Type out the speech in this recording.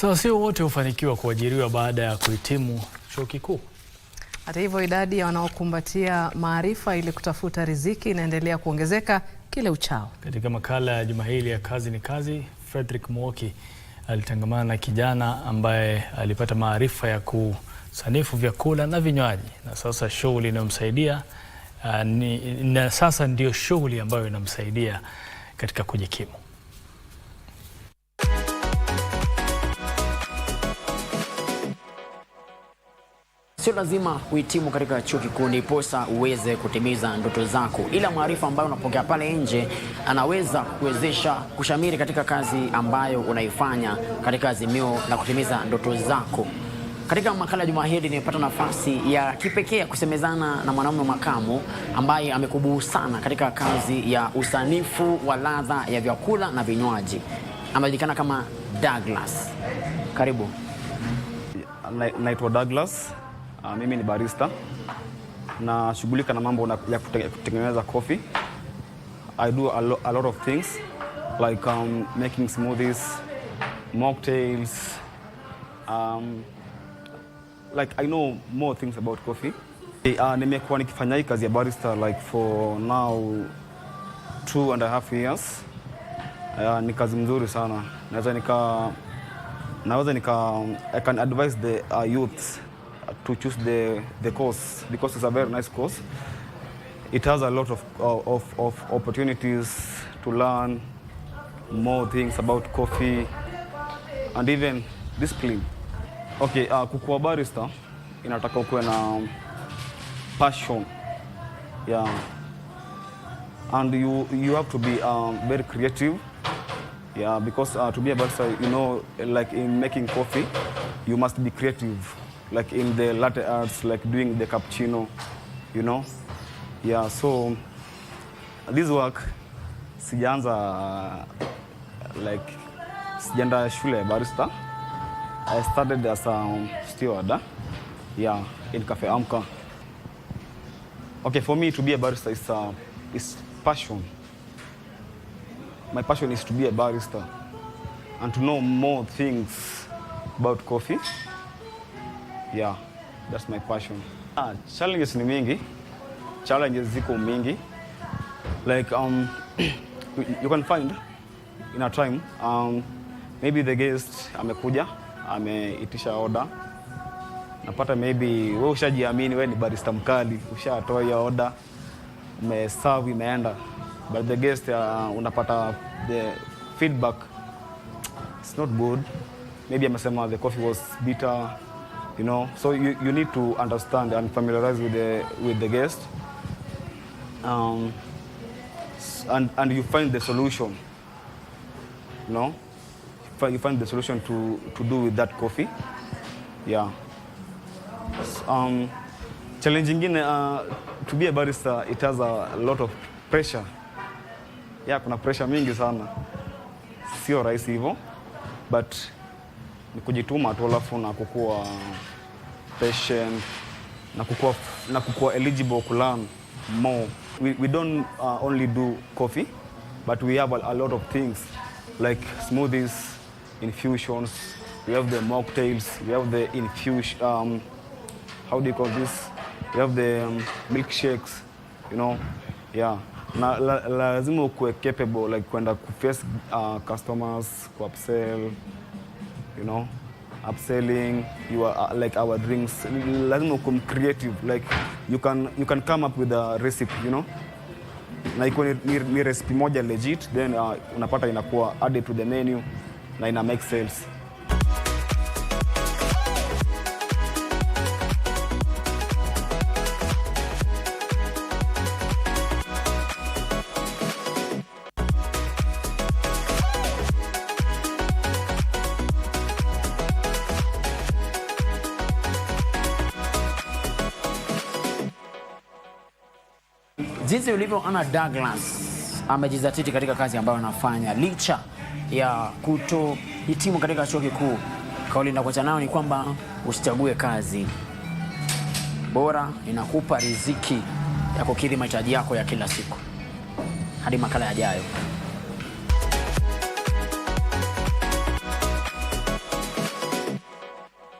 Sasa sio wote hufanikiwa kuajiriwa baada ya kuhitimu chuo kikuu. Hata hivyo, idadi ya wanaokumbatia maarifa ili kutafuta riziki inaendelea kuongezeka kile uchao. Katika makala ya juma hili ya Kazi ni Kazi, Fredrick mwoki alitangamana na kijana ambaye alipata maarifa ya kusanifu vyakula na vinywaji, na sasa shughuli inayomsaidia uh, na sasa ndio shughuli ambayo inamsaidia katika kujikimu. Sio lazima uhitimu katika chuo kikuu ndiposa uweze kutimiza ndoto zako, ila maarifa ambayo unapokea pale nje anaweza kuwezesha kushamiri katika kazi ambayo unaifanya katika azimio la kutimiza ndoto zako. Katika makala ya juma hili nimepata nafasi ya kipekee ya kusemezana na mwanamume makamu ambaye amekubuu sana katika kazi ya usanifu wa ladha ya vyakula na vinywaji, anajulikana kama Douglas. Karibu. Naitwa Douglas Uh, mimi ni barista na shughulika na mambo ya kutengeneza coffee. I do a, lo, a lot of things like um, making smoothies, mocktails, um, like I know more things about coffee. Uh, nimekuwa nikifanya hii kazi ya barista like for now two and a half years. Uh, ni kazi mzuri sana. Naweza nika naweza nika I can advise the uh, youths to choose the, the course because it's a very nice course. It has a lot of, of, of opportunities to learn more things about coffee and even discipline. Okay, uh, kukua barista inataka ukuwe na passion. Yeah. And you, you have to be um, very creative. Yeah, because uh, to be a barista, you know, like in making coffee, you must be creative like in the latte arts, like doing the cappuccino, you know? Yeah, so this work sijaanza like sijaenda shule ya barista. I started as a steward, eh? yeah, in Cafe Amka. Okay, for me to be a barista is uh, is passion. My passion is to be a barista and to know more things about coffee. Yeah, that's my passion. Ah, challenges ni mingi, challenges ziko mingi like um, you can find in a time um, maybe the guest amekuja ameitisha order napata maybe we ushajiamini, we ni barista mkali, ushatoa hiyo order, umeserve imeenda, but the guest uh, unapata the feedback it's not good, maybe amesema the coffee was bitter you know so you, you need to understand and familiarize with the with the guest um, and and you find the solution you know you find the solution to to do with that coffee yeah um, challenging in uh, to be a barista it has a lot of pressure yeah kuna pressure mingi sana sio rahisi hivyo but ni kujituma tu, alafu na kukuwa patient na kukuwa, na kukuwa eligible ku learn more. We, we don't uh, only do coffee but we have a, a lot of things like smoothies, infusions, we have the mocktails, we have the infusion, um, how do you call this? We have the um, milkshakes, you know, yeah na lazima la, lazima ukuwe capable like kwenda kuface uh, customers, kuupsell you know upselling you are, uh, like our drinks lazima uko creative like you can you can come up with a recipe you know na iko ni, ni, recipe moja legit then uh, unapata inakuwa added to the menu na ina make sales jinsi ulivyo, ana Douglas amejizatiti katika kazi ambayo anafanya licha ya kutohitimu katika chuo kikuu. Kauli inakuacha nayo ni kwamba usichague kazi, bora inakupa riziki ya kukidhi mahitaji yako ya kila siku. Hadi makala yajayo.